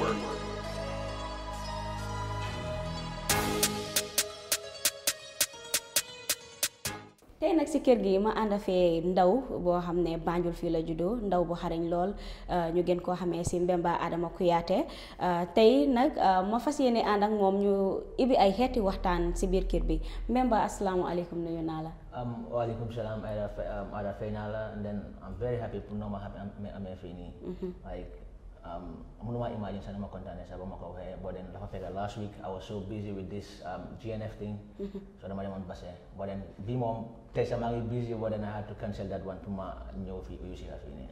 work. tey nag si kër gi ma ànd fee ndaw boo xam ne Banjul fii la juddoo ndaw bu xariñ lool euh, ñu gën koo xamee si Mbemba Adama Kuyaate euh, tey nak euh, ma fas yéene ànd ak moom ñu ibi ay xeeti waxtaan si biir kër bi Mbemba asalaamualeykum nuyu naa la. waaleykum salaam Aida fay naa la and then I'm very happy pour noo ma amee fii mhm. Like um, Hunuma Imagine Sanuma Contanes but then last week I was so busy with this um, GNF thing, mm-hmm. so I'm on base. But then Bimo test I'm busy, but then I had to cancel that one to my new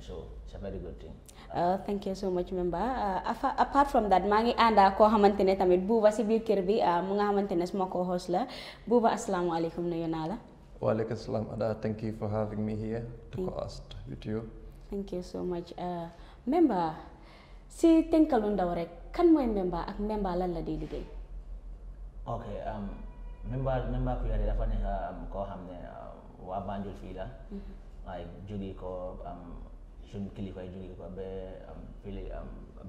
So it's a very good thing. Uh, thank you so much, member. Uh, apart from that, mangi anda ko hamantene tamit buba si bir kirbi uh, mga hamantene smo ko hosla. Buba assalamu alaikum na yonala. Wa alaikum salam. Ada thank you for having me here to host with you. Thank you so much. Uh, member, si tenkalu ndaw rek kan moy Memba ak Memba lan la di liggey ok Memba um, Memba yari dafa nekk um, koo xam ne um, wa Banjul fii la. ay jóge ko suñu kilifa yi jóge ko ba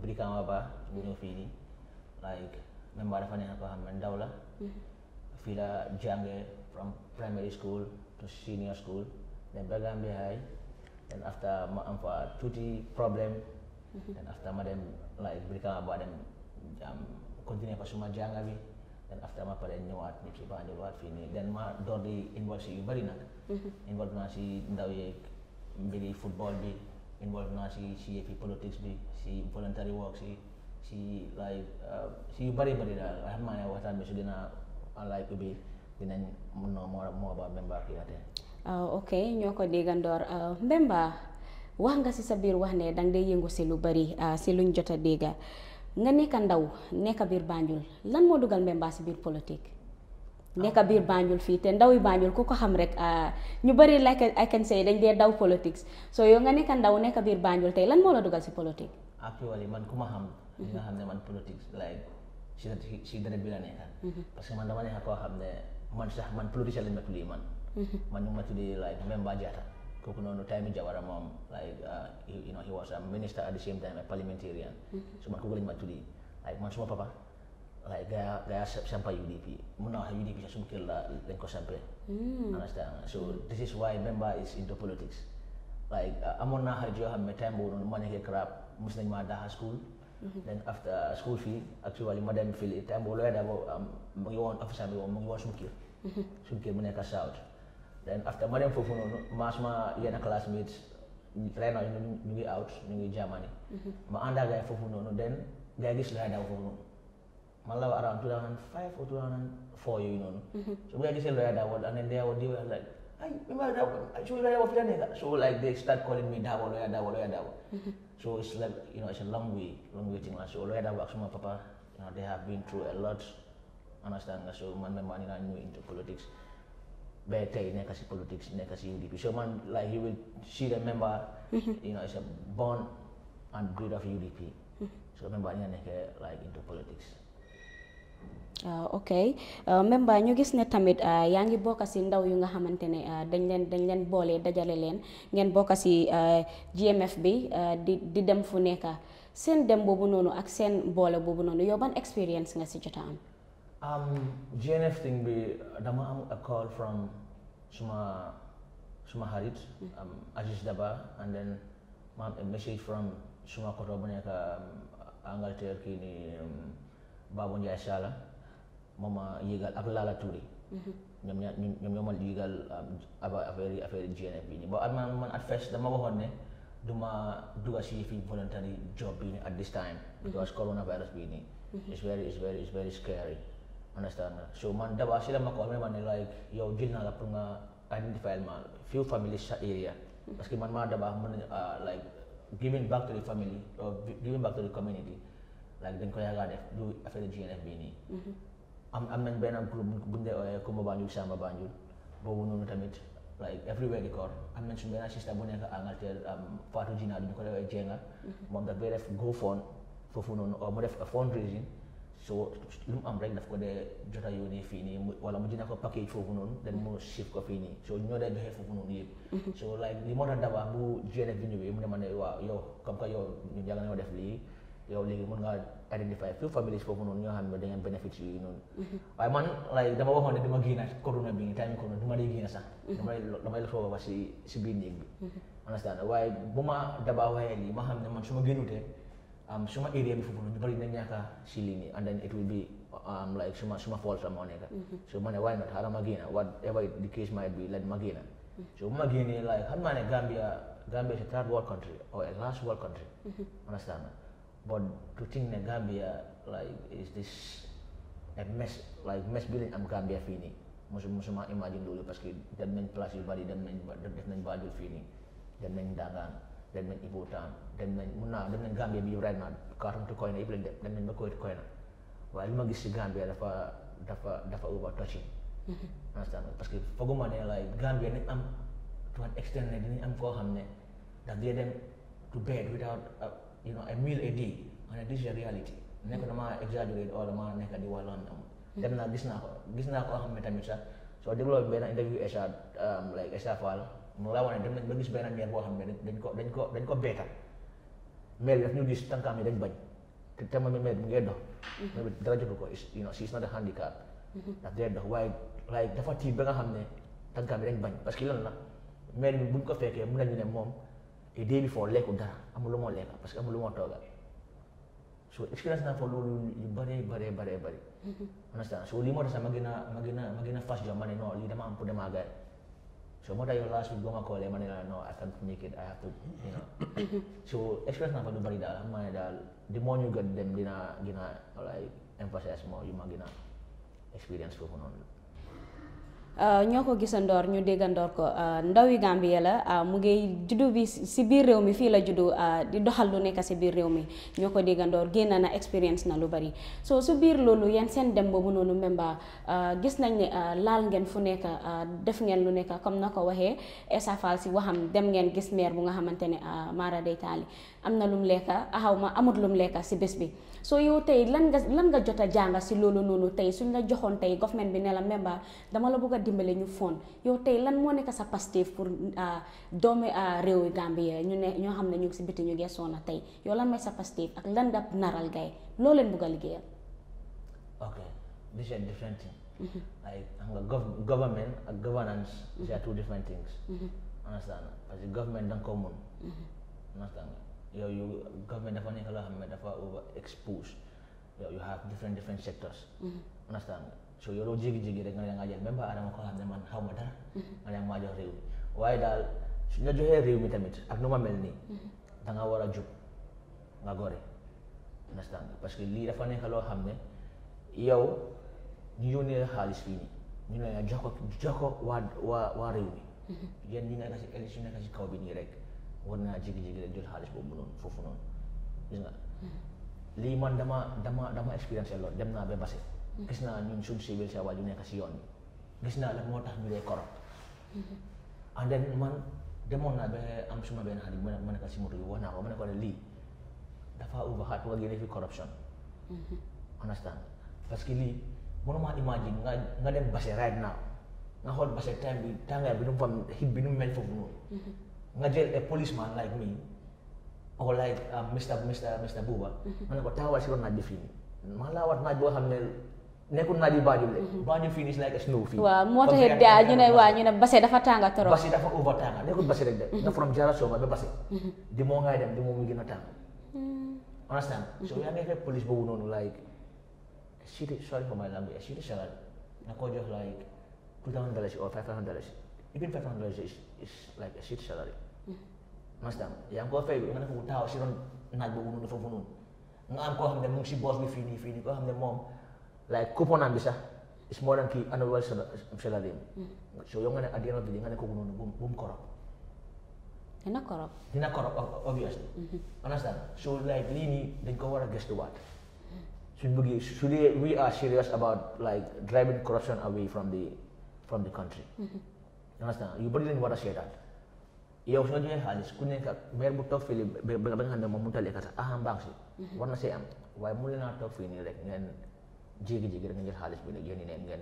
brikan wa ba bu ñëw fi ni like Memba dafa ne ko xamne ndaw la. Mm-hmm. fi la jange from primary school to senior school then ba Gambia High then after ma am fa tuti problem Mhm. dan aftama dan berikan berikala dan jam apa semua jangan lagi. dan aftama pada nyuat ni kiba ni wat fini dan ma dodi involsi nak, mhm. involve nasi dawai jadi football bi involve nasi si politics bi si voluntary work si si like uh, si bari bari da rahma ya wata mi sudina alai ko bi dinan uh, mo mo mo ba member ki ate uh, okay ñoko degandoor uh, member wax nga si sa biir wax ne danga dee yëngu si lu bari si ah, luñ jot a dégga nga nekka ndaw nekka biir Banjul lan moo dugal Mbemba si biir politique nekka biir Banjul fii te ndaw yi Banjul ku ko xam rek ah, ñu bari like I can say dañ dee daw politique so yow nga nekka ndaw nekka biir Banjul tey lan moo la dugal si politique actually man ku ma xam li mhm. nga xam ne man politique si si dara bi la nekka mhm. parce que man dama man sax man politicien lañ ma tuddee man mhm. man ñu like Mbemba Jatta Kukunono time Jawara mom, like uh, he, you know, he was a minister at the same time, a parliamentarian. Mm-hmm. So makugali like like mansuma papa, like gaya gaya sampa UDP, muna UDP sa sumkil la lengko sampai, mm. understand? So mm. this is why member is into politics. Like uh, amon na hajo me time bono money he kerap muslim ma ha school. Mm-hmm. Then after school fee, actually madam fee time bono ada bo um, mangiwan officer mangiwan sumkil, sumkil muna ka south then after morning for fun mass ma yena iya classmates right now ñu ngi out ñu ngi Germany ma anda gay gaay foofu then gay gis lay daw foofu noonu man around 2005 or 2004 you know, mm-hmm. so gaay gisee lay daw and then they were they like ay ima daw so lay daw fi la so like they start calling me dawo lawyer dawo dawo mm-hmm. so it's like you know it's a long way long way thing so lawyer dawo ak suma papa you know they have been through a lot understand so man man you know, into politics better in politik politics, Nekasi UDP. So man, like he will see the member, mm-hmm. you know, it's a born and bred of UDP. Mm-hmm. So member membernya neke like into politics. Uh, ok uh, même ba ñu gis ne tamit uh, ah, yaa ngi bokk si ndaw yu nga xamante ne ah, dañ leen dañ leen boole dajale leen ngeen bokk si GMF bi di di dem fu nekk seen dem boobu noonu ak seen boole boobu noonu yow ban experience nga si jot am um, GNF thing be dama am a call from suma suma Harit, hmm. um, Aziz Daba, and then mam a message from suma koto ka um, Angleterre kii ni um, Babou Sala mama yegal ak Lala Touré. Mm-hmm. ñoom ña ñoom yegal apa yégal affaire GNF bi ni man man at first dama waxoon ne duma duga si fi voluntary job bi at this time. Mm-hmm. because coronavirus bi ni. Mm-hmm. it's very it's very it's very scary. understand so man daba si la ma call ma ne like yow jël naa la pour nga identifier ma few family sa area parce que man maa daba mën uh, like giving back to the family or giving back to the community like dañ ko yàggaa def du affaire GNF bii nii e. mm-hmm. am am nañ benn groupe bu ñu dee eh, Kumba Banjul Samba Banjul boobu noonu tamit like everywhere um, di koor am nañ suñu benn sister bu nekk Angleterre Fatou Jina du ñu ko defee eh, jenga moom daf bay def go fund foofu noonu or mu def fundraising so lu mu am rek daf ko dee jot a yónnee fii nii wala mu dina ko package foofu noonu then mu ship ko fii nii so ñoo dee joxe foofu noonu yëpp mm-hmm. so like li moo tax daba bu GNF bi ñëwee mu ne ma ne waaw yow comme identify few families foofu noonu ñoo xam ne da ngeen yooyu noonu mm-hmm. waaye man like dama waxoon ne dama génn corona bi time corona du mm-hmm. ma dee génn sax damay damay su ma génnutee um, suma area before pun bari nanya ka silini, and then it will be um, like suma suma falls amone ka mm-hmm. so mana why not hara magina whatever it, the case might be mm-hmm. like magina so magina like how many gambia gambia is a third world country or a last world country mm-hmm. understand but to think that gambia like is this a mess like mess building am gambia fini musuh musuh mah imagine dulu pas ke dan main plus ibadi dan main dan main badul fini dan main dagang dem nañ Ibo Town dem nañ mun naa dem nañ Gambia bi yëpp vraiment Kartum to Koyna yëpp lañ dem nañ ba Koyit Koyna waaye li ma gis si Gambia dafa dafa dafa over touching. Mm-hmm. parce que fooguma ne la Gambia nañ am to an extent ne dinañ am koo xam ne daf dee dem to bed without a, uh, you know a meal a day and this is a reality. nekk damaa exaggerate wala damaa nekk di wàllu am. Mm-hmm. dem naa gis naa ko gis naa koo xam ne tamit sax soo dégloo benn interview Essa um, like mu laa wane dem nañ ba gis benn meer boo xam ne dañ ko dañ ko dañ ko beetal meer bi daf gis tànkaam yi dañ bañ te te man meer bi mu ngee dox. mais mm-hmm. dara jotu ko you know she is a handicap. Mm-hmm. daf dee dox waaye waaye dafa tiit ba nga xam ne tànkaam yi dañ bañ parce que lan la meer bi buñ ko fekkee mun nañu ne moom day before lekku dara amul lu moo lekka parce que amul lu moo tooga so expérience naa fa loolu yu bëree bëree bëree bëri. Mm-hmm. understand so lii moo tax sax ma gën a ma gën a ma gën a fas jom ma ne non lii dama am pour So, modal you last will go and yang, them no I can't make it, I have to, you know. Mm-hmm. so, express na pa doon dalam ang mga the more you get them, gina, gina, like, emphasize mo, yung mga gina, experience ko ko Euh, ñoo ko gisandoor ñu déggandoor ko euh, ndawi Gambie la euh, mu ngi juddu bi si biir réew mi fii la juddu di doxal lu nekk si biir réew mi ñoo ko déggandoor génn na expérience na lu bari soo su biir loolu yéen seen dem boobu noonu memba gis nañ ne laal ngeen fu nekk def ngeen lu nekk comme na ko waxee Essa Faal si waxam dem ngeen gis meer bu nga xamante ne Mara Day Taali am na lum lekka axaw ma amut lum lekka si bés bi soo yow tey lan nga lan nga jot a jànga si loolu noonu tey suñ la joxoon tey government bi ne la member dama la bëgg a dimbale ñu fon yow tey lan moo nekk sa Pastef pour ah, doomi ah, réewi Gambie ñu ne ñoo xam ne ñu ngi si biti ñu geesoon na tey yow lan mooy sa Pastef ak lan nga naral gay loo leen bëgg a liggéeyal. ok these are different things. Mm-hmm. government ak governance these are mm-hmm. different things. Mm-hmm. understand parce que government da nga koo mun. understand you, you government dafa kalau loo xam dafa over expose yow you have different different sectors mm-hmm. understand so yow loo jigi jigi rek nga ne nga jël même ba adama ko xam ne man xaw ma dara nga ne maa jox réew mi waaye daal su la joxee réew mi tamit ak da nga nga gore understand parce que lii dafa nekk yo, xam ne yow ñu yónnee la xaalis fii nii ñu ne jox ko jox ko waa waa waa réew mi yéen ñi nekk si kaw bi rek war wonna jigi jigi jël xaalis boobu noonu foofu noonu gis nga lii man dama dama dama expérience lool dem naa ba base gis hmm. naa ñun suñ civil sa waaju nekk si yoon bi gis naa lan moo tax ñu lay korop hmm. and then man demoon naa ba am suma benn xarit mu ne ma nekk si moto bi wax naa ko ma ne ko ne lii dafa over hard nga génne fi corruption hmm. understand parce que lii mënuma imagine nga nga dem base right now nga xool base time bi tàngaay bi nu mu fa hit bi nu mu mel foofu noonu nga jël a policeman like me or like Mr Mr Mr ma ne ko taxawal si ron naaj bi fii nii man laa war naaj boo xam ne nekkul naaj yu Banjul de. Banjul fii nii si like a snow fii. waaw moo taxit daa ñu ne waa ñu ne Basse dafa tànga trop. Basse dafa over tànga nekkul Basse rek de. na mm-hmm. from Jara Soba ba Basse. Mm-hmm. di moo ngay dem di moo mu a tàng. Mm-hmm. understand so yaa ngi fekk police boobu noonu like a shitty sorry for my language a shitty salary nga koo jox like two thousand dollars or five a understand ya ngi koo fay nga ne ko taxaw si ron naaj boobu noonu foofu noonu nga am koo xam ne mu ngi si bi fini fini, fii nii mom, like couponam bi sax is ah. more than kii annual salary so yang nga ne at the end of the day nga ne kooku noonu bu mu korop dina korop dina korop obviously mm-hmm. so like lii nii dañ ko war a gëstuwaat suñ bëggee su dee we are serious about like driving corruption away from the from the country understand mm-hmm. you bëri lañ war a that yawtoje haalis ku nekk ak maire bu toog li ba nga xam ne mu kasa aham baax si war na am waaye mu leen a toog fii nii rek ngeen jéegi-jéegi rek nga jël xaalis bi ne yéen ne ngeen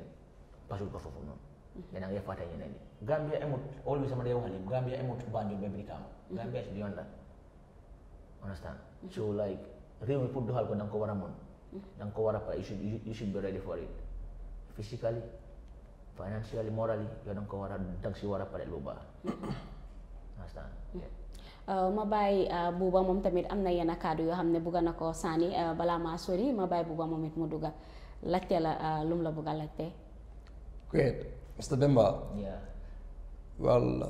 pasul ko foofu noonu yéen a ngi ñeneen ñi Gambia emut always sama day wax nii Gambia emut Banjul ba Brikama mm-hmm. Gambia is beyond that understand mm-hmm. so like réew mi pour doxal ko da ko wara a mën ko wara a you should you should be ready for it physically financially morally yow da nga ko war a da Uh, ma uh, buba, mom, tamit am na yenn kàddu yoo xam ne bugga na ko sànni uh, balaa maa sori ma bàyyi buba, mom, it mu dugga laajte la uh, lum la bugg a laajte. Great. Mr. Demba. Yeah. Well, uh,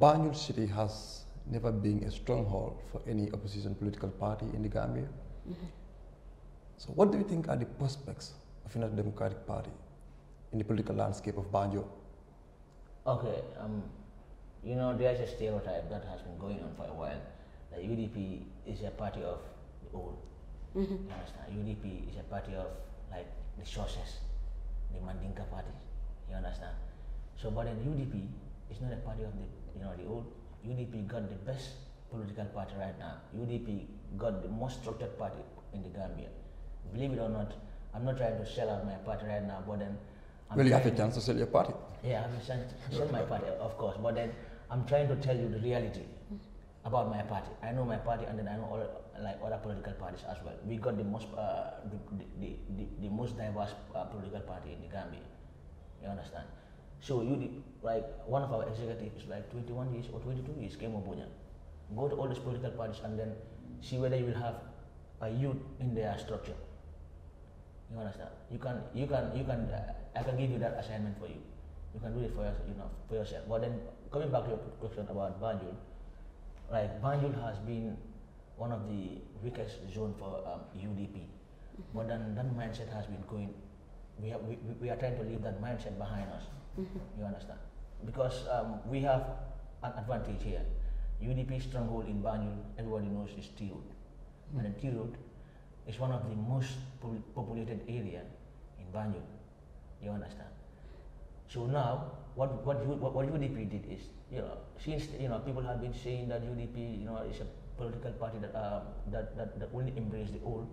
Banjul City has never been a stronghold for any opposition political party in the Gambia. Mm -hmm. So, what do you think are the prospects of the Democratic Party in the political landscape of Banjul? Okay. Um, you know, there's a stereotype that has been going on for a while that UDP is a party of the old. Mm -hmm. You understand? UDP is a party of like the sources, the Mandinka party. You understand? So, but then UDP is not a party of the you know the old. UDP got the best political party right now. UDP got the most structured party in the Gambia. Believe it or not, I'm not trying to sell out my party right now, but then. I'm well, you have a chance to sell your party. Yeah, I have a chance to sell my party, of course. But then I'm trying to tell you the reality about my party. I know my party, and then I know all like other political parties as well. We got the most uh, the, the, the, the, most diverse uh, political party in the Gambia. You understand? So you like one of our executives, like 21 years or 22 years, came Obunya. Go to all these political parties and then see whether you will have a youth in their structure. You understand? You can, you can, you can. Uh, I can give you that assignment for you. You can do it for yourself, you know, for yourself. But then coming back to your question about Banjul, like Banjul has been one of the weakest zone for um, UDP, mm-hmm. but then that mindset has been going. We, have, we, we are trying to leave that mindset behind us. Mm-hmm. You understand? Because um, we have an advantage here. UDP stronghold in Banjul, everybody knows is T mm-hmm. and T Road is one of the most populated area in Banjul. You understand? So now, what what what, what UDP did is, you know, since you know people have been saying that UDP, you know, is a political party that um that, that that only embrace the old.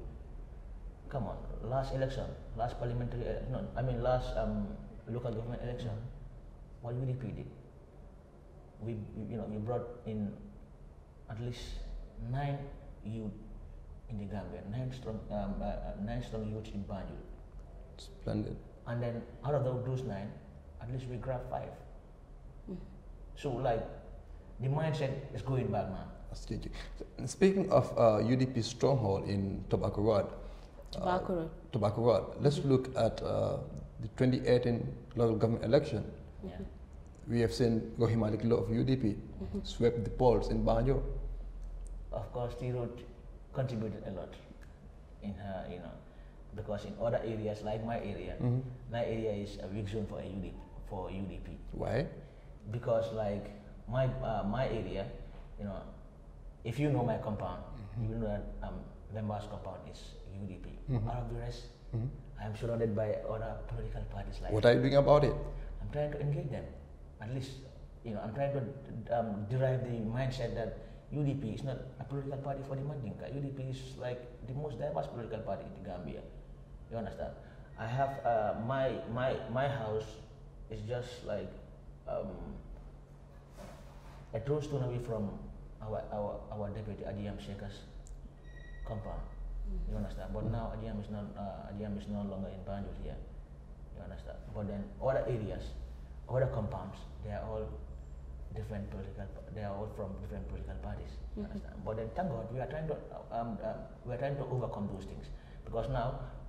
Come on, last election, last parliamentary, ele- uh, no, I mean last um, local government election, mm-hmm. what UDP did, we you know we brought in at least nine youth in the Gambia, nine strong um, uh, uh nine strong youths in Banjul. Splendid. And then out of those nine, at least we grab 5 mm. So like the mindset is going back now. Speaking of uh, UDP stronghold in Tobacco Road, Tobacco Road. Uh, Tobacco Road. Let's mm -hmm. look at uh, the 2018 local government election. Yeah. We have seen Rohima Likilo of UDP mm -hmm. swept the polls in Banjo. Of course, Tirut contributed a lot in her, you know, because in other areas like my area, mm -hmm. my area is a weak zone for a UDP for UDP. Why? Because like my uh, my area, you know, if you know my compound, mm-hmm. you know that um, members compound is UDP. Mm-hmm. Out of the rest, mm-hmm. I'm surrounded by other political parties. Like what are you doing about it? I'm trying to engage them. At least, you know, I'm trying to um, derive the mindset that UDP is not a political party for the Mandinka. UDP is like the most diverse political party in the Gambia. You understand? I have uh, my my my house it's just like um, a drone stone away from our our, our deputy Adiam Shakers compound. Mm-hmm. You understand? But now Adiam is not uh, is no longer in Banjul here. You understand? But then other areas, other compounds, they are all different political. They are all from different political parties. Mm -hmm. But then thank God we are trying to um, um, we are trying to overcome those things because now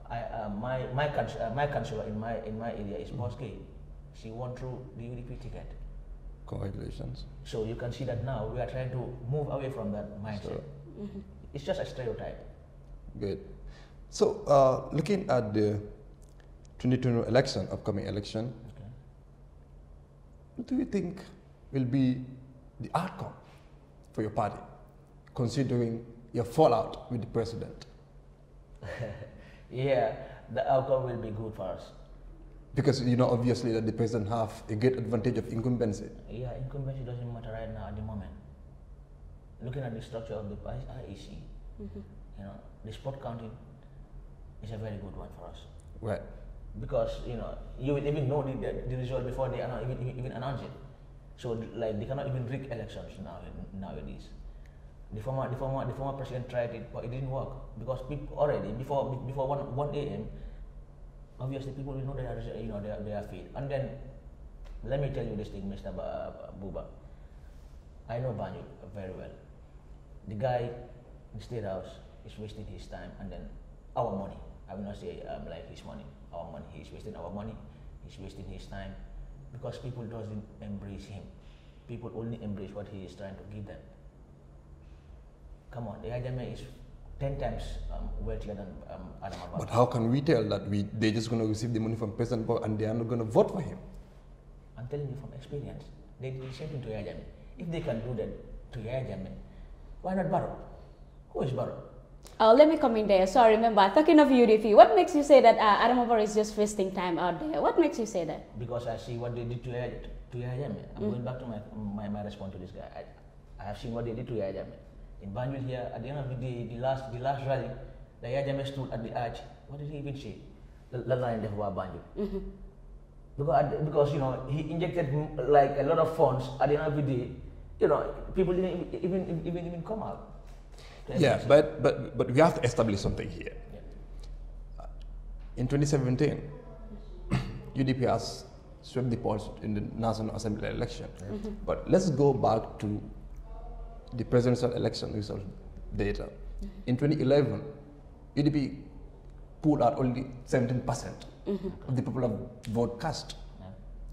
I uh, my my cons- uh, my counselor in my in my area is mm-hmm. Boske she won through the UDP ticket. Congratulations. So you can see that now we are trying to move away from that mindset. So, mm -hmm. It's just a stereotype. Good. So uh, looking at the 2020 election, upcoming election, okay. what do you think will be the outcome for your party, considering your fallout with the president? yeah, the outcome will be good for us because you know, obviously, that the president have a great advantage of incumbency. Yeah, incumbency doesn't matter right now at the moment. Looking at the structure of the IEC, mm -hmm. you know, the spot counting is a very good one for us. Right. Because you know, you will even know the, the result before they announce, even, even announce it. So like they cannot even rig elections now nowadays. The former the former the former president tried it, but it didn't work because people already before before one one a.m obviously people will know they are, you know, they are, they are fit. And then, let me tell you this thing, Mr. Buba. I know Banyu very well. The guy in State House is wasting his time and then our money. I will not say um, like his money, our money. He's wasting our money. He's wasting his time because people doesn't embrace him. People only embrace what he is trying to give them. Come on, the Ajame is 10 times um, wealthier than um, Adam But how can we tell that we, they're just going to receive the money from President Bob and they are not going to vote for him? I'm telling you from experience. They did the same thing to Yaya Jammeh. If they can do that to Yaya Jammeh, why not Barrow? Who is Barrow? Oh, let me come in there. So I remember, talking of UDP, what makes you say that uh, Adam Ababa is just wasting time out there? What makes you say that? Because I see what they did to Yaya, to Jammeh. I'm mm. going back to my, my, my response to this guy. I, I have seen what they did to Yaya Jammeh in here, at the end of the day, the last, the last rally, the Yajame stood at the arch. What did he even say? Lala and Dehuwa Banjul. Mm-hmm. Because, because, you know, he injected like a lot of funds at the end of the day, you know, people didn't even, even, even come out. Yeah, but, but, but we have to establish something here. Yeah. In 2017, UDP has swept the polls in the National Assembly election. Mm -hmm. But let's go back to the presidential election result data. Mm -hmm. In 2011, UDP pulled out only 17% mm -hmm. of the popular vote cast. Yeah.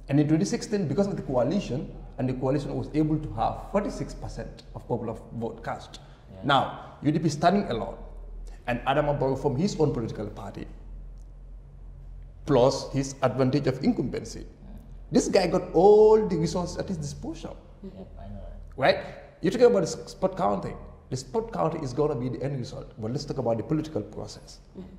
And in 2016, because of the coalition, and the coalition was able to have 46% of popular vote cast. Yeah. Now, UDP is standing alone, and Adam Barrow from his own political party, plus his advantage of incumbency. Yeah. This guy got all the resources at his disposal. Right? You talk about the spot counting. The spot count is going to be the end result. But let's talk about the political process. Mm -hmm.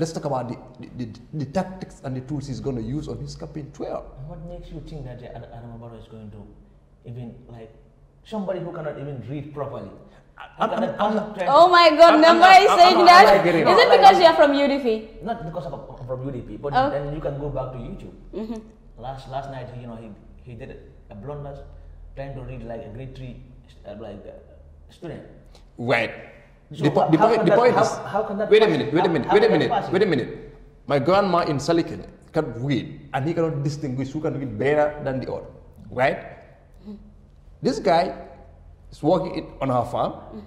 Let's talk about the, the, the, the, tactics and the tools he's going to use on his campaign trail. What makes you think that Adamabaro is going to even like somebody who cannot even read properly? I'm, I'm, I'm, oh my god, Namba is saying that. it because you're from UDP? Not because I'm from UDP, but oh. then you can go back to YouTube. Mm -hmm. Last last night, you know, he, he did a blunder trying to read like a grade three like student. Right. So the, po- the, point, the point that, is, how, how can that wait a minute, wait a minute, wait a minute, wait a minute. My grandma in Salikin can read, and he cannot distinguish who can read better than the other, right? This guy is working on her farm.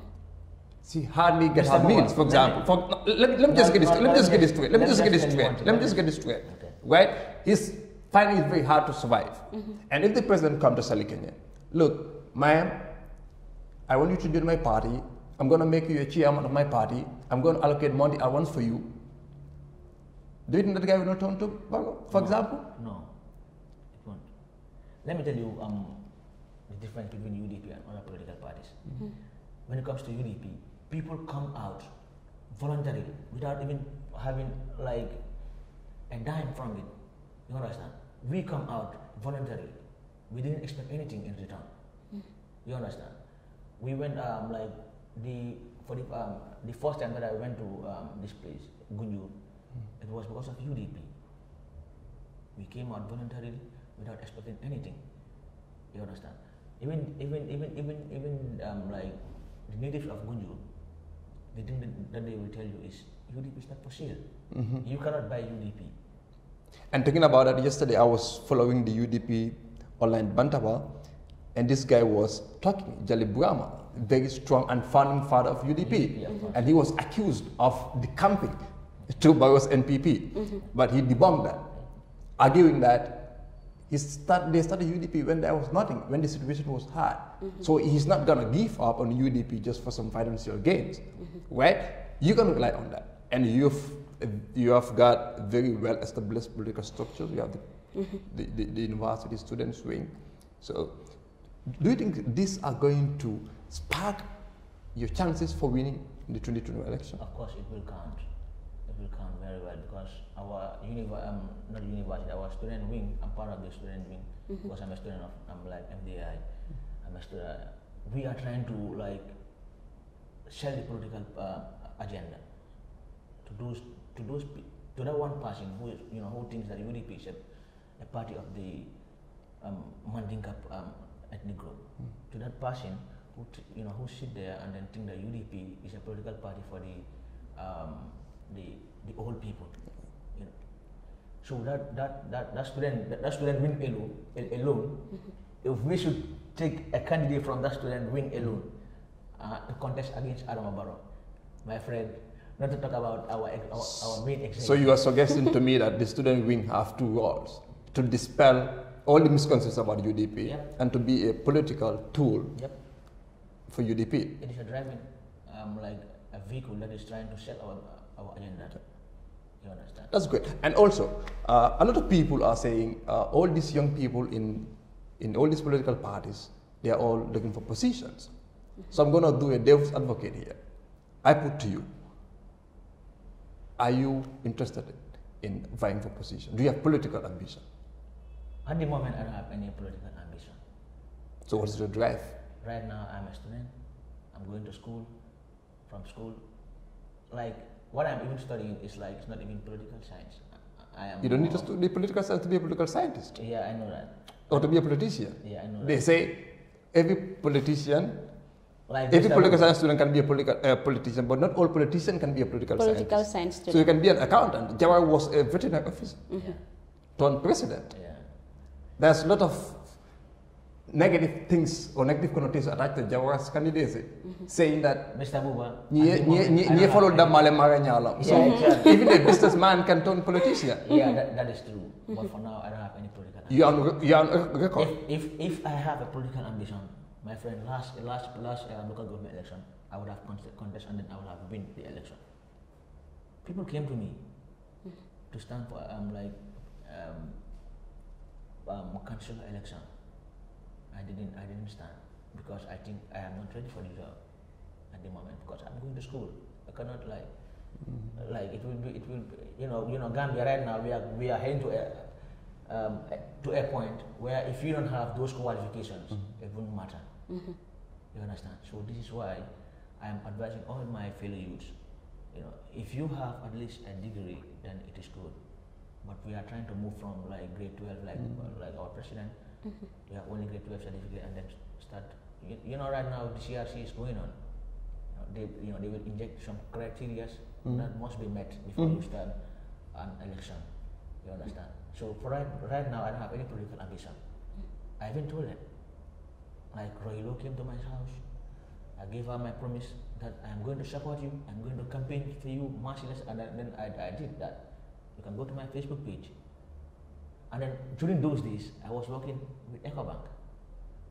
She hardly gets her meals, for example. For, no, let, let, me just get this. Let me just get this straight. Let me just get this straight. Let me just get this straight. Right? He's finding it very hard to survive. Mm-hmm. And if the president comes to Sali look, ma'am, I want you to join my party. I'm going to make you a chairman of my party. I'm going to allocate money I want for you. Do you think that guy will not turn to Bago, for no, example? No, it won't. Let me tell you um, the difference between UDP and other political parties. Mm -hmm. When it comes to UDP, people come out voluntarily without even having like a dime from it. You understand? We come out voluntarily. We didn't expect anything in return. Mm -hmm. You understand? we went um, like the for the um, the first time that I went to um, this place Gunjur, mm. it was because of UDP. We came out voluntarily without expecting anything. You understand? Even even even even even um, like the natives of Gunjur, the thing that, that they will tell you is UDP is not for sale. Mm -hmm. You cannot buy UDP. And talking about that, yesterday I was following the UDP online bantawa. And this guy was talking Jalibuama, very strong and founding father of UDP. Yeah. And he was accused of decamping to was NPP. Mm-hmm. But he debunked that, arguing that Start, they started UDP when there was nothing, when the situation was hard. Mm-hmm. So he's not going to give up on UDP just for some financial gains, mm-hmm. right? You can rely on that. And you've, you have got very well established political structures. You have the, mm-hmm. the, the, the, university students wing. So do you think these are going to spark your chances for winning the 2020 election? Of course, it will count. It will count very well because our univer- um, not university, our student wing, I'm part of the student wing mm -hmm. because I'm a student of, I'm like MDI. I'm a student. Uh, we are trying to like sell the political uh, agenda to those to those to that one person who is you know who thinks that you really represent a party of the um, Mandinka um, ethnic group hmm. to that person who you know who sit there and then think that UDP is a political party for the um, the the old people. You know, so that that that, that student that, that student win alone. alone if we should take a candidate from that student win alone, uh, contest against Adam Barrow, my friend, not to talk about our our, our main example. So you are suggesting to me that the student wing have two roles to dispel all the misconceptions about UDP yep. and to be a political tool yep. for UDP. It is a driving, um, like a vehicle that is trying to sell our, our agenda. You understand? That's great. And also, uh, a lot of people are saying uh, all these young people in, in all these political parties, they are all looking for positions. Mm-hmm. So I'm going to do a devil's advocate here. I put to you, are you interested in vying for position? Do you have political ambition? At the moment, I don't have any political ambition. So, what's your drive? Right now, I'm a student. I'm going to school. From school, like what I'm even studying is like it's not even political science. I am. You don't need to study political science to be a political scientist. Yeah, I know that. Or to be a politician. Yeah, I know. They that. say every politician like Every political science student can be a political, uh, politician, but not all politicians can be a political, political scientist. science student. So you can be an accountant. Jawai was a veterinary officer, mm -hmm. turned president. Yeah. There's a lot of negative things or negative connotations attached to Jawahar's candidacy, mm-hmm. saying that Mr. Buba, nye follow the male maranyala. So exactly. even a businessman can turn politician. Yeah, that, that is true. But mm-hmm. for now, I don't have any political. Ambition. You are you are record. If, if if I have a political ambition, my friend, last last last uh, local government election, I would have contested and then I would have win the election. People came to me mm-hmm. to stand for i um like um um, council election. I didn't I didn't stand because I think I am not ready for the job at the moment because I'm going to school. I cannot like mm-hmm. like it will be it will be, you know you know Gambia right now we are we are heading to a um, to a point where if you don't have those qualifications mm-hmm. it won't matter. Mm-hmm. You understand? So this is why I am advising all my fellow youths. You know, if you have at least a degree, then it is good but we are trying to move from like grade 12 like mm like our president mm -hmm. we have only grade 12 certificate and then start you, you know right now the crc is going on you know, they you know they will inject some criteria mm that must be met before you mm-hmm. start an election you understand so for right, right now i don't have any political ambition i even told them like Roylo came to my house i gave her my promise that i'm going to support you i'm going to campaign for you merciless and then I, I did that you can go to my Facebook page. And then during those days, I was working with EcoBank,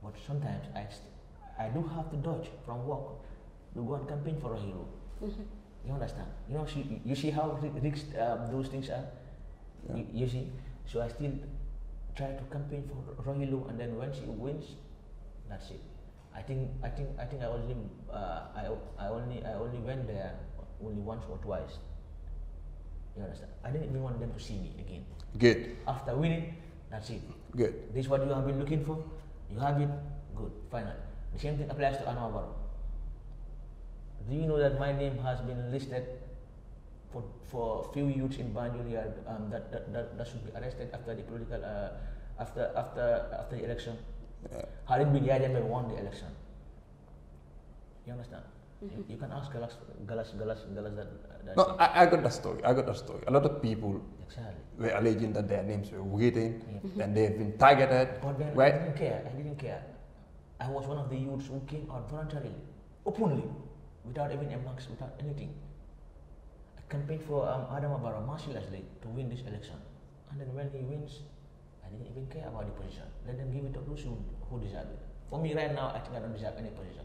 but sometimes I, I do have to dodge from work to go and campaign for a hero. Mm -hmm. You understand? You know, see, you see how rich um, those things are. Yeah. You, you, see, so I still try to campaign for Rohilu, and then when she wins, that's it. I think I think I think I only uh, I I only I only went there only once or twice. You understand? I didn't even want them to see me again. Good. After winning, that's it. Good. This is what you have been looking for. You have it. Good. Final. The same thing applies to Anwar Do you know that my name has been listed for for few youths in Banjulia um, that, that, that, that should be arrested after the political uh, after after after the election? Yeah. Harim Bin Yademe won the election. You understand? You, you can ask Galas, Galas, Galas, Galas that. that no, I, I, got that story. I got that story. A lot of people exactly. were alleging that their names were written yeah. Mm-hmm. and they've been targeted. But then right? I didn't care. I didn't care. I was one of the youths who came out voluntarily, openly, without even a mask, without anything. I campaigned for um, Adam Abara mercilessly to win this election. And then when he wins, I didn't even care about the position. Let them give it to those who, who deserve it. For me right now, I think I don't deserve any position.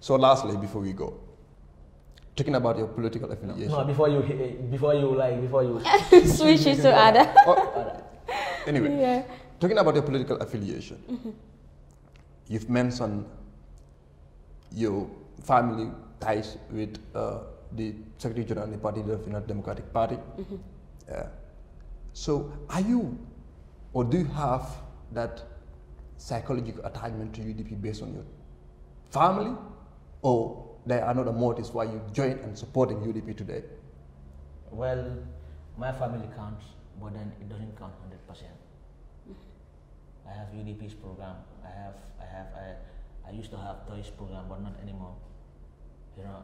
So lastly, before we go, talking about your political affiliation. No, before you, before you like, before you switch it to Ada. Oh, anyway, yeah. talking about your political affiliation, mm -hmm. you've mentioned your family ties with uh, the Secretary General of the party, the United Democratic Party. Mm -hmm. yeah. So, are you, or do you have that psychological attachment to UDP based on your family? or oh, there are other motives why you join and supporting UDP today? Well, my family counts, but then it doesn't count 100%. I have UDP's program. I have, I have, I, I used to have Toys program, but not anymore. You know,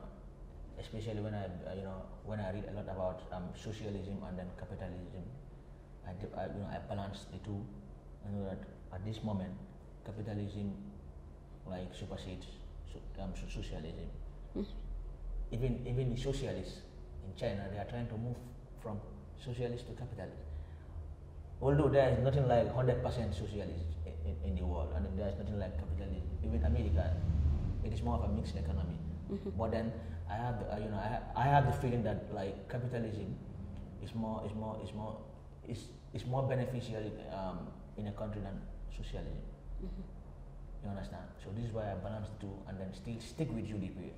especially when I, uh, you know, when I read a lot about um, socialism and then capitalism, I, I, you know, I balance the two. I know that at this moment, capitalism like supersedes socialism. Mm. Even even socialists in China, they are trying to move from socialist to capitalism. Although there is nothing like hundred percent socialism in, in, the world, and there is nothing like capitalism. Even America, it is more of a mixed economy. Mm -hmm. But then I have the, uh, you know I have, I have the feeling that like capitalism is more is more is more is is more beneficial um, in a country than socialism. Mm -hmm. You understand? So this is why I balance the two and then still stick with UDP.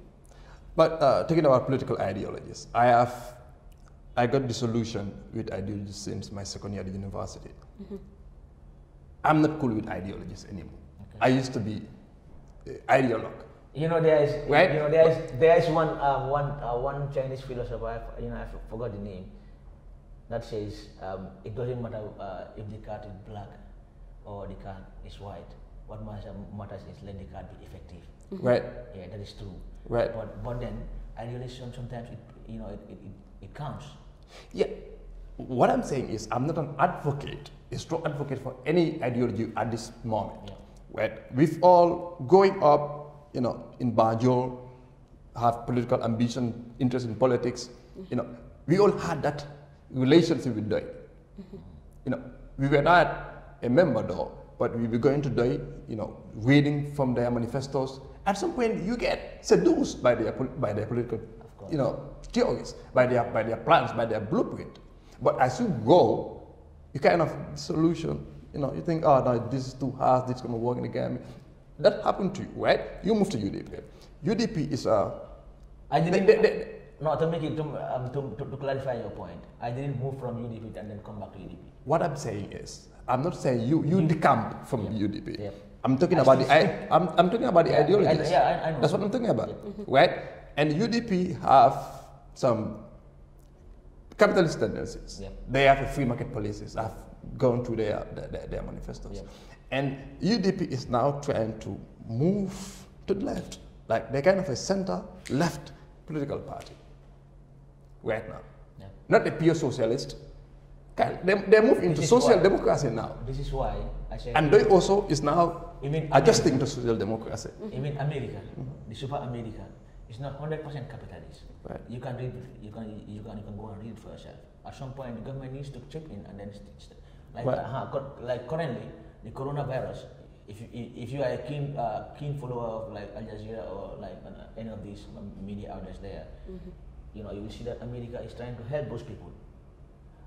But uh, talking about political ideologies, I have, I got disillusion with ideologies since my second year at university. Mm -hmm. I'm not cool with ideologies anymore. Okay. I used to be uh, ideologue. You know there is, right? you know there is, there is one, uh, one, uh, one Chinese philosopher. I, you know I forgot the name. That says um, it doesn't matter uh, if the cat is black or the cat is white what matters, is let the card be effective. Mm-hmm. Right. Yeah, that is true. Right. But but then I realize sometimes it you know it, it, it, it counts. Yeah. What I'm saying is I'm not an advocate, a strong advocate for any ideology at this moment. Yeah. Right. We've all growing up, you know, in Banjul, have political ambition, interest in politics. Mm-hmm. You know, we all had that relationship with Doi. Mm-hmm. You know, we were not a member though, but we were going to do it, you know, reading from their manifestos. At some point, you get seduced by their, by their political, you know, theories, by their, by their plans, by their blueprint. But as you go, you kind of solution, you know, you think, oh, no, this is too hard, this is going to work the game. That happened to you, right? You moved to UDP. UDP is a... I didn't... They, they, they, no, to make it to, um, to, to, to, clarify your point, I didn't move from UDP and then come back to UDP. What I'm saying is, I'm not saying you you decamp from yep. UDP. Yep. I'm talking I about the I, I'm, I'm talking about the yeah, ideology. Yeah, I, I That's what I'm talking about, yep. Mm-hmm. right? And UDP have some capitalist tendencies. Yep. They have a free market policies. I've gone through their their, their manifestos, yep. and UDP is now trying to move to the left, like they're kind of a center left political party right now. Yeah. Not a pure socialist. Can, they, they move into social why, democracy now. This is why. and they also is now adjusting America. to social democracy. You mean America, mm-hmm. the super America, it's not 100% capitalist. Right. You can read, you can, you can, you can go and read for yourself. At some point, the government needs to chip in and then like right. uh, like currently the coronavirus. If you, if you are a keen uh, keen follower of like Al Jazeera or like uh, any of these media outlets there, mm-hmm you know, you will see that America is trying to help those people.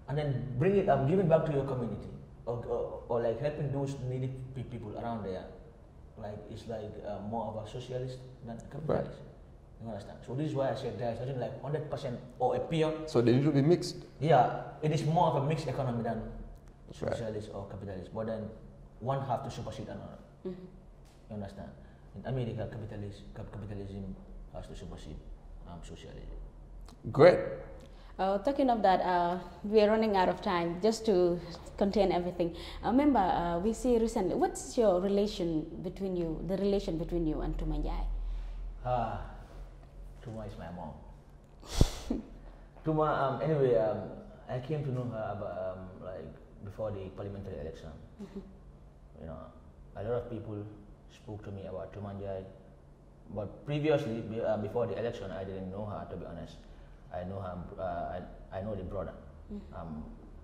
And then bring it up, give it back to your community. Or, or, or like helping those needy people around there. Like, it's like uh, more of a socialist than a capitalist. Right. You understand? So this is why I said there's nothing like 100% or a pure. So they need to be mixed. Yeah, it is more of a mixed economy than That's socialist right. or capitalist. But then one have to supersede another. Mm -hmm. You understand? In America, capitalist, capitalism has to supersede um, socialism. Great. Uh, talking of that, uh, we are running out of time just to contain everything. Uh, remember, uh, we see recently, what's your relation between you, the relation between you and Tumanjai? Ah, Tuma is my mom. Tuma, um, anyway, um, I came to know her about, um, like before the parliamentary election. Mm -hmm. You know, a lot of people spoke to me about Tumanjai, but previously, uh, before the election, I didn't know her, to be honest. I know her, uh, I, I know the brother, mm-hmm. um,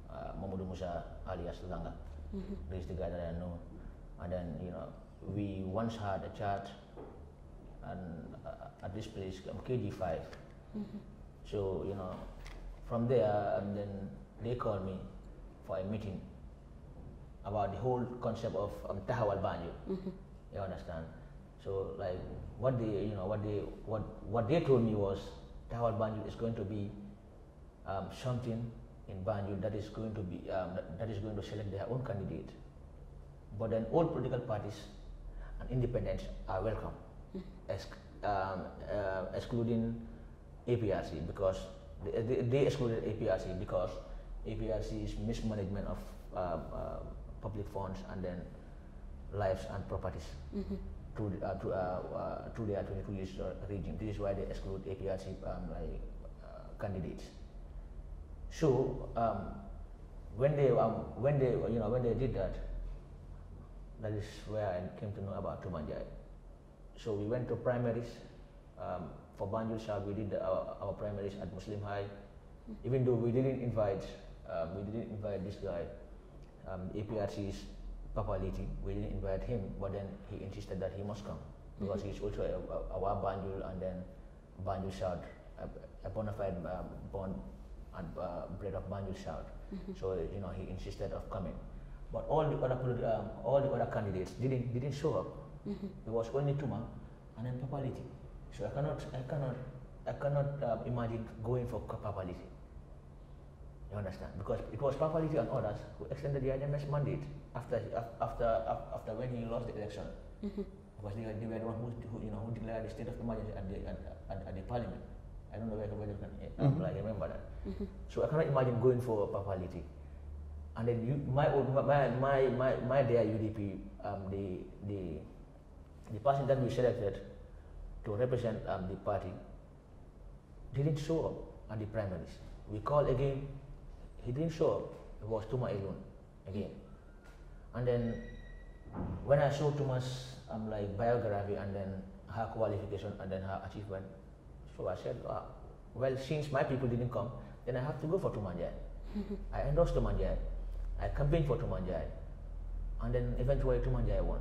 uh, Mamadou Musa alias Langa. Mm-hmm. This is the guy that I know. And then, you know, we once had a chat and uh, at this place, I'm KG5. Mm-hmm. So, you know, from there, and then they called me for a meeting about the whole concept of um, Tahawal Banjo. Mm-hmm. You understand? So, like, what they, you know, what they, what, what they told me was, Dawal Banjul is going to be um, something in Banjul that is going to be um, that is going to select their own candidate. But then all political parties and independents are welcome, hmm. um, uh, excluding APRC because they, they, they, excluded APRC because APRC's mismanagement of uh, uh, public funds and then lives and properties. Mm -hmm to, uh, to, uh, uh to their 22 list uh, regime. This is why they exclude APRC um, like, uh, candidates. So um, when they um, when they you know when they did that, that is where I came to know about Tumanjai. So we went to primaries. Um, for Banjul Shah, we did our, our, primaries at Muslim High. Even though we didn't invite, um, we didn't invite this guy, um, APRC's Papa Liti, We didn't invite him, but then he insisted that he must come because mm -hmm. he's also a, a, our Banjul and then Banjul Shard, a, a bona fide um, born and uh, bred of Banjul Shard. Mm -hmm. So you know he insisted of coming, but all the other um, all the other candidates didn't didn't show up. Mm -hmm. It was only Tuma and then Papa Liti. So I cannot I cannot I cannot um, imagine going for Papa Liti. You understand? Because it was Papa Liti and others who extended the IMS mandate after after after when he lost the election, mm-hmm. because they, they were the one who, who, you know who declared the state of emergency at the at, at, at the parliament. I don't know where the budget can mm-hmm. I remember that. Mm-hmm. So I cannot imagine going for papality. And then you, my, my my my my dear UDP, um, the the the person that we selected to represent um, the party didn't show up at the primaries. We called again, he didn't show up. It was Tuma alone again. And then when I showed Thomas, I'm like biography and then her qualification and then her achievement. So I said, ah, well, since my people didn't come, then I have to go for Tumanjai. I endorsed Tumanjai. I campaigned for Tumanjai. And then eventually Tumanjai won.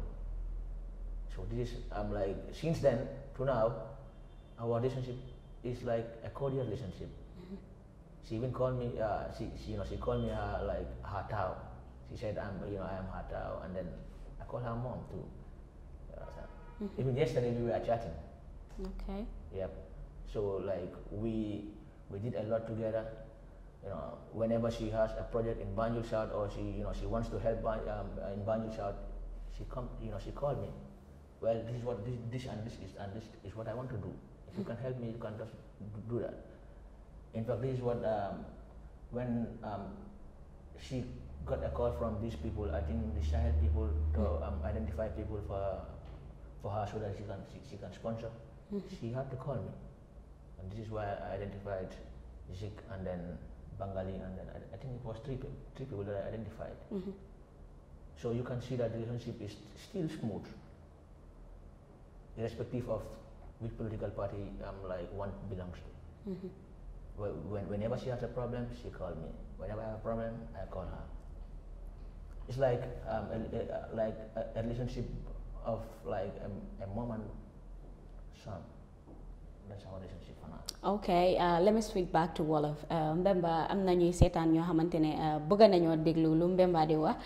So this is, I'm like, since then to now, our relationship is like a cordial relationship. she even called me, uh, she, she, you know, she called me her, like, her tao. He said, I'm, you know, I am hot out. And then I called her mom too. Mm -hmm. Even yesterday we were chatting. Okay. Yep. So like we we did a lot together. You know, whenever she has a project in Banjul South or she you know she wants to help um, in Banjul South, she come you know she called me. Well, this is what this, this and this is and this is what I want to do. If you can help me, you can just do that. In fact, this is what um, when um, she got a call from these people. I think the Sahel people to hmm. um, identify people for for her so that she can she, she can sponsor. Hmm. She had to call me, and this is why I identified Zik and then Bengali and then I, I think it was three three people that I identified. Mm -hmm. So you can see that relationship is still smooth, irrespective of which political party um, like one belongs to. Mm -hmm. when, whenever she has a problem, she calls me. Whenever I have a problem, I call her. it's like um, a, a, like a, uh, back to Wolof. Uh, Mbemba am na ñuy seetaan ñoo xamante ne uh, bëgg nañoo déglu lu Mbemba di wax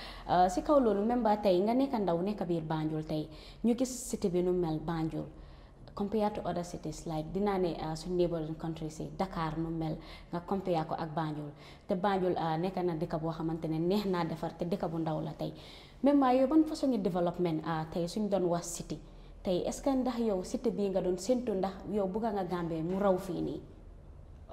si kaw loolu Mbemba tey nga nekk ndaw nekk biir Banjul tey ñu gis cité bi mel Banjul. compare to other cities like dinaa ne uh, suñ neighboring countries yi Dakar nu mel nga compare ko ak Banjul te Banjul uh, nekk na dëkk boo xamante ne neex naa defar te dëkk bu ndaw la tey même uh, yooyu ban façon ni développement tey suñ doon wax city tey est-ce que ndax yow city bii nga doon séntu ndax yow bugga nga Gambie mu raw fii nii.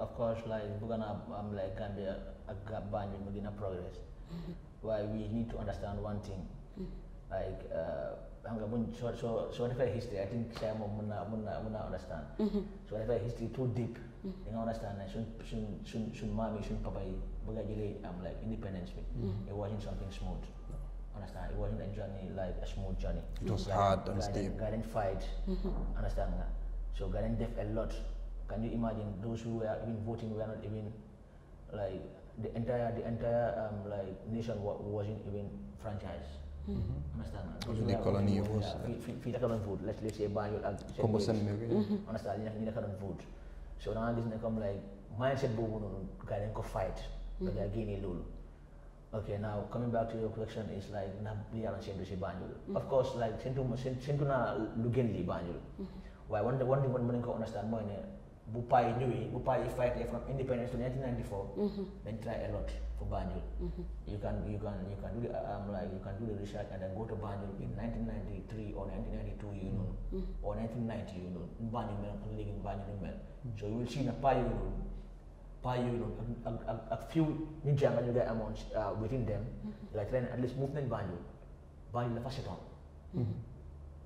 of course like bugga naa am like Gambie ak Banjul mu gën a progress mm-hmm. waaye we need to understand one thing mm-hmm. Hangabun, so, so, so whatever history, I think saya mau muna, muna, muna understand. Mm-hmm. So whatever history too deep, mm-hmm. you understand. And soon, soon, soon, soon, mommy, soon, papa, bagajile, I'm um, like independence. Mm-hmm. It wasn't something smooth. No. Understand? It wasn't a journey like a smooth journey. It was garden, hard and garden, steep. Garden fight. Mm-hmm. Understand? So garden deaf a lot. Can you imagine those who were even voting were not even like the entire the entire um, like nation wasn't even franchised. understand mm-hmm. di colonie yi fii fii naka doon vote let's let's say Banjul ak Kombo Sane Mewge understand ñi so da nga gis ne comme like mindset boobu noonu gars dañ ko fight da ngaa génnee loolu ok now coming back to your question is like ndax li yàlla séntu si Banjul of course like séntu séntu naa lu gën lii Banjul mm-hmm. waaye one one thing ko understand mooy ne bu paa yi ñëwee bu paa yi fight from independence to 1994 dañ try a lot for Banjul. Mm -hmm. You can you can you can do the um, like you can do the research and then go to Banjul in 1993 or 1992 you know mm -hmm. or 1990 you know in Banjul men living in Banjul men. So you will see in a pie you know pie you know a, a, a few New German you get amongst uh, within them mm -hmm. like then at least movement Banjo, Banjo the first mm-hmm.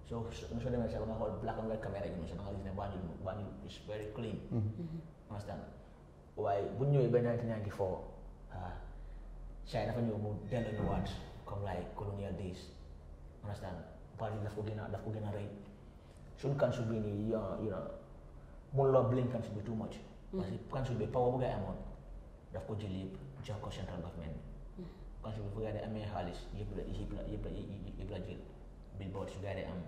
So, so, so they mentioned about black and white camera, you know, so now it's Banjo Banjo is very clean. Mm-hmm. Understand? Mm-hmm. Why, when you were 1994, Ah. saya dapat fa ñoo mu delluñu waat comme like colonial days understand parti daf ko gën a daf ko gën a rëy suñ kansu bi nii you ya, know ya. mun loo blame kansu bi too much parce hmm. que kansu bi power bu ngay amoon daf ko jël yëpp jox ko central government hmm. kansu bi fu ngay de amee xaalis yëpp la yëpp la yëpp la yëpp la jël billboard su ngay am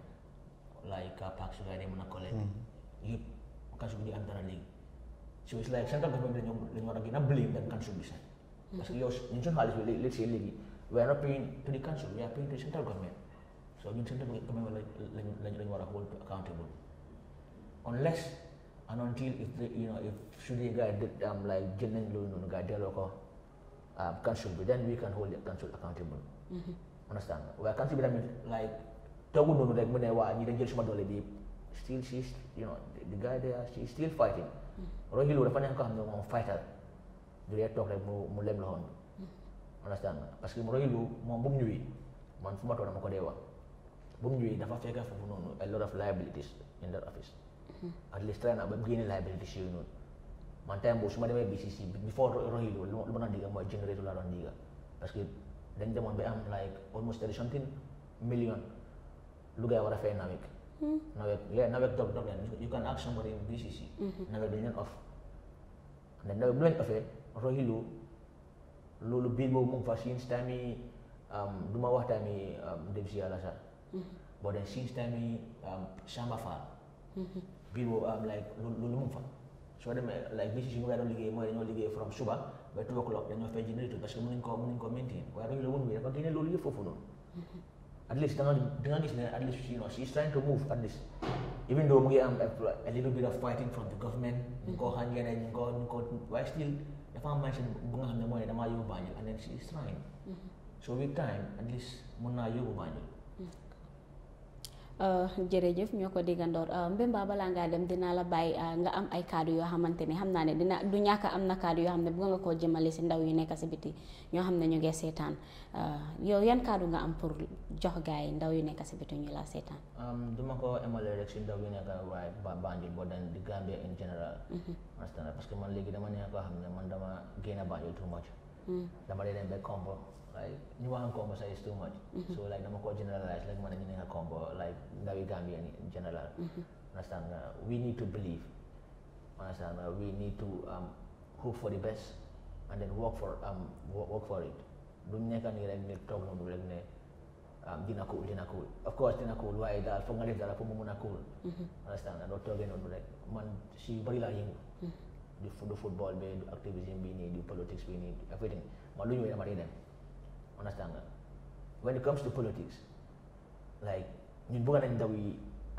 like park su ngay hmm. de mën a collect yëpp kansu bi di am dara léegi so it's like central government dañoo dañoo war a gën a blame dem kansu sax parce que yow ñun suñu xaalis bi léegi léegi léegi we are not paying to the council we are paying to the central government so ñun central government lañ war a hold accountable unless and until if if su dee gars de am like jël nañ loolu noonu gars yi delloo ko council bi then we can hold the council accountable. Mm-hmm. understand waaye council bi tamit like toogu noonu rek mu ne waa ñi dañ jël suma doole bi still she still fighting. Rohilo dafa nekk ko xam ne moom fighter. direct talk rek mu lem la hon understand parce que mu roi lu mo bu ñuy man fuma to dama ko day wax bu ñuy dafa fekk fofu non a lot of liabilities in that office hmm. at least try na ba gene liabilities yu nonu man tay mo suma demé BCC before roi lu lu mëna diga mo generator la don diga parce que dañ demone ba am like almost 30 something million lu gay wara fay nawek hmm. nawek le nawek dog dog you can ask somebody in BCC hmm. nawek dañ leen off and then nawek bu leen offee ya rohilu lulu bilbo mung fashin stami um, duma wax tami um, dem si ala sa sin stami um, shamba fa hmm, hmm. bilbo um, like lulu mung fa so dem like ni si ngi do liggey moy dañu from suba ba 2 o'clock dañu fay generator parce que mënuñ ko mënuñ ko maintain way rohilu won wi dafa gene lolu yef non at least da nga gis ne at least you know she's trying to move at least even though we am um, a, little bit of fighting from the government, mm-hmm. go hang and go, go, why still if I mention bunga na mo na mayo and then she is trying. Mm -hmm. So with time, at least muna yo banyak. Eh, jërëjëf ñoo ko diggandoor eh, Mbemba balaa ngaa dem dinaa la bàyyi eh, nga am ay kaddu yoo xamante ni xam naa ne dina du ñàkk am na kaddu yoo xam ne bëgg nga koo jëmale si ndaw yu nekk si biti ñoo xam ne ñu ngi seetaan yow yan kaddu nga am pour jox gars ndaw yu nekk si biti ñu la seetaan. Um, du ma ko émale rek si ndaw yu nekk waaye Banjul boo daan di Gambia in général. Mm-hmm. parce que man léegi dama nekk koo xam ne man dama génn Banjul too much. Mm. dama dee dem ba Kombo. like ñuwahan combo sa is too much mm -hmm. so like dama ko generalize like mana ñi nga combo like dari gambia in general mm -hmm. understand nga uh, we need to believe understand nga uh, we need to um, hope for the best and then work for um, work for it duñ kan nii rek ne toog noonu rek ne um, dina cool dina cool of course dina cool why daal foog nga def dara pour mu mun understand nga doo toogee noonu rek man si bari laa yëngu du football be, activism be, nii du politics be, nii everything ma lu ñëwee dama dem understand nga when it comes to politics like ñun bëgg nañ ndaw yi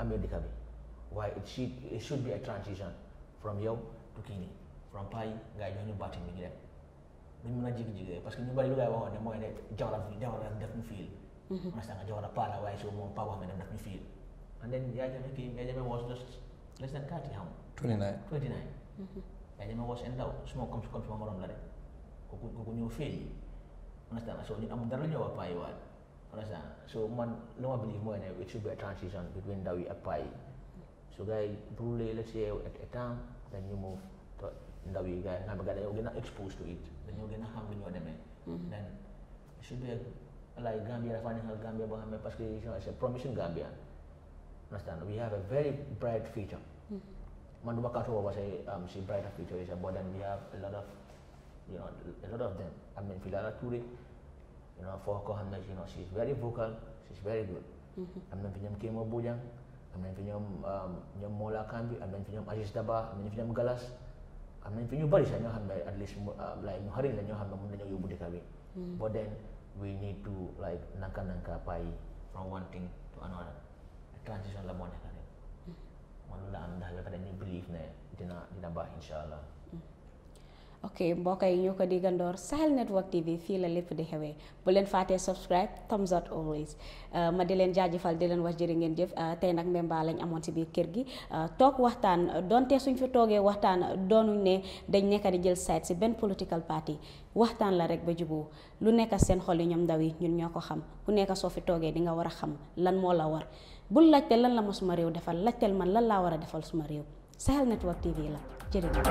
America bi waaye it should it should be a transition from yow to kii nii from paa yi nga ñoo ñu baati mi ngi dem duñ mën a jigi-jigee parce que ñu bari lu waxoon ne mooy ne jawara fi jawara def ñu fiil understand mhm. nga jawara paa la waaye soo moom paa wax ne def ñu fiil and then yaa jame kii yaa jame was just less than thirty xam 29 29 yaa jame was en ndaw su ma comme comme su ma morom la de kooku kooku ñëw fiil understand ah, so ñun amul dara lu ma believe mooy ne it should be a transition between ndaw yi ak paa yi so gars yi pour say a time dañ ñu move to ndaw nga xam ne gars dañoo gën a exposed to it dañoo gën a xam lu ñoo demee then it should be like Gambia dafa neexal Gambia boo xam ne parce que it's a promising Gambia understand we have a very bright future mm-hmm. man du ma kàttu woo parce que si bright future is but then we have a lot of you know, a lot of them. I mean, Filara Ture, you know, for kohan Hamed, you know, she's very vocal, she's very good. Mm-hmm. I mean, Finyam Kemo Bujang, I mean, Finyam um, Mola Kambi, I mean, Finyam Aziz Daba, I mean, Finyam Galas, I mean, Finyam Baris, I know at least, uh, like, Haring, I know Hamed, I know Yubudikawi. mm But then, we need to, like, nangka nangka pai from one thing to another. Transition la mo na kare. I'm not going to believe na dina dina ba inshallah ok mbokk yi ñoko di gandor Sahel Network TV fi la lepp di xewé bu len faté subscribe thumbs up always uh, ma di len jaajëfal di len wax jërë ngeen jëf uh, tay nak memba lañ amoon don biir kër gi uh, tok waxtaan donté suñ fi togué waxtaan ne dañ jël site si ben political party waxtaan la rek ba jibu lu nekk seen xol yi ñom ndaw yi ñun ñoko xam ku nekk so fi togué di nga wara xam lan mo la war bul laajte lan la ma réew defal laccel man lan la wara defal suma réew Sahel Network TV la けるの